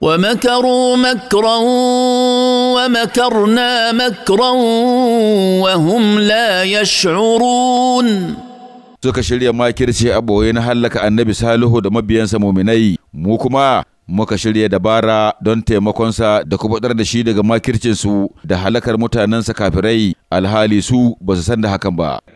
ومكروا مكرا ومكرنا مكرا وهم لا يشعرون suka shirya makirci a ɓoye na hallaka annabi salihu da mabiyansa muminai mu kuma muka shirya dabara don taimakonsa da kubutar da shi daga makircinsu da halakar mutanensa kafirai alhali su ba su san da hakan ba